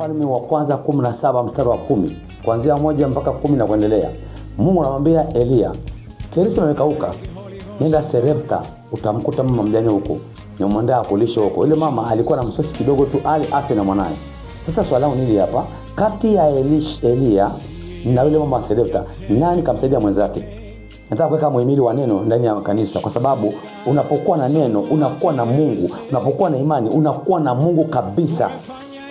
Wafalme wa Kwanza 17 mstari wa kumi kuanzia moja mpaka kumi na kuendelea. Mungu anamwambia Eliya, Yerusalemu imekauka, nenda Serepta, utamkuta mama mjane huko, nimwandaa kulisha huko. Ile mama alikuwa na msosi kidogo tu, ali afe na mwanaye. Sasa swali langu nili hapa, kati ya Elish, Eliya na yule mama wa Serepta, nani kamsaidia mwenzake? Nataka kuweka muhimili wa neno ndani ya kanisa, kwa sababu unapokuwa na neno unakuwa na Mungu, unapokuwa na imani unakuwa na Mungu kabisa.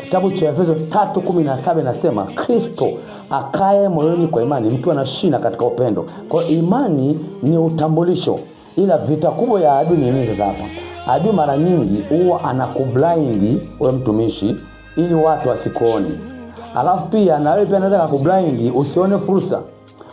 Kitabu cha Efeso 3:17 inasema Kristo akae moyoni kwa imani, mkiwa na shina katika upendo. Kwa imani ni utambulisho, ila vita kubwa ya adui ni nini? Sasa hapa adui mara nyingi huwa anakublaindi wewe mtumishi, ili watu wasikuone, alafu pia na wewe pia anaweza kukublaindi usione fursa.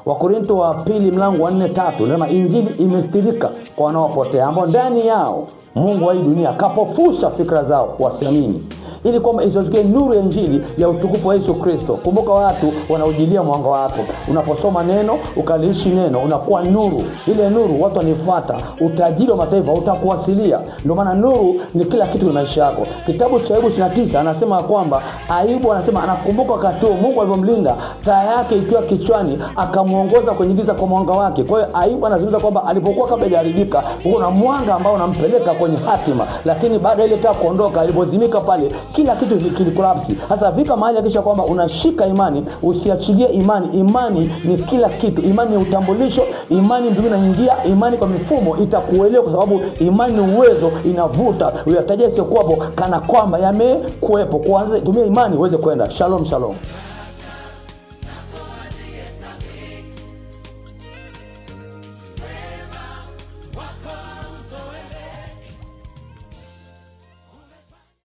Wakorinto wa pili mlango wa nne tatu nasema injili imestirika kwa wanaopotea, ambao ndani yao mungu wa hii dunia akapofusha fikra zao wasiamini, ili kwamba isiwatokee nuru ya injili ya utukufu wa Yesu Kristo. Kumbuka, watu wanaojilia mwanga wako. Unaposoma neno ukaliishi neno, unakuwa nuru. Ile nuru watu wanifuata, utajiri wa mataifa utakuwasilia. Ndio maana nuru ni kila kitu kwenye maisha yako. Kitabu cha Ayubu 29 anasema kwamba Ayubu anasema anakumbuka wakati huo Mungu alivyomlinda, taa yake ikiwa kichwani, akamwa kumwongoza kwenye giza kwa mwanga wake. Kwa hiyo Ayubu anazungumza kwamba alipokuwa kabla hajaharibika, kuna mwanga ambao unampeleka kwenye hatima, lakini baada ile taa kuondoka, alipozimika pale, kila kitu kilikolapsi. Sasa vika mahali hakisha kwamba unashika imani, usiachilie imani. Imani ni kila kitu, imani ni utambulisho, imani ndio inaingia imani kwa mifumo itakuelewa, kwa sababu imani ni uwezo, inavuta uyataja isiyokuwapo kana kwamba yamekuwepo. Kuanze tumia imani uweze kwenda. Shalom, shalom.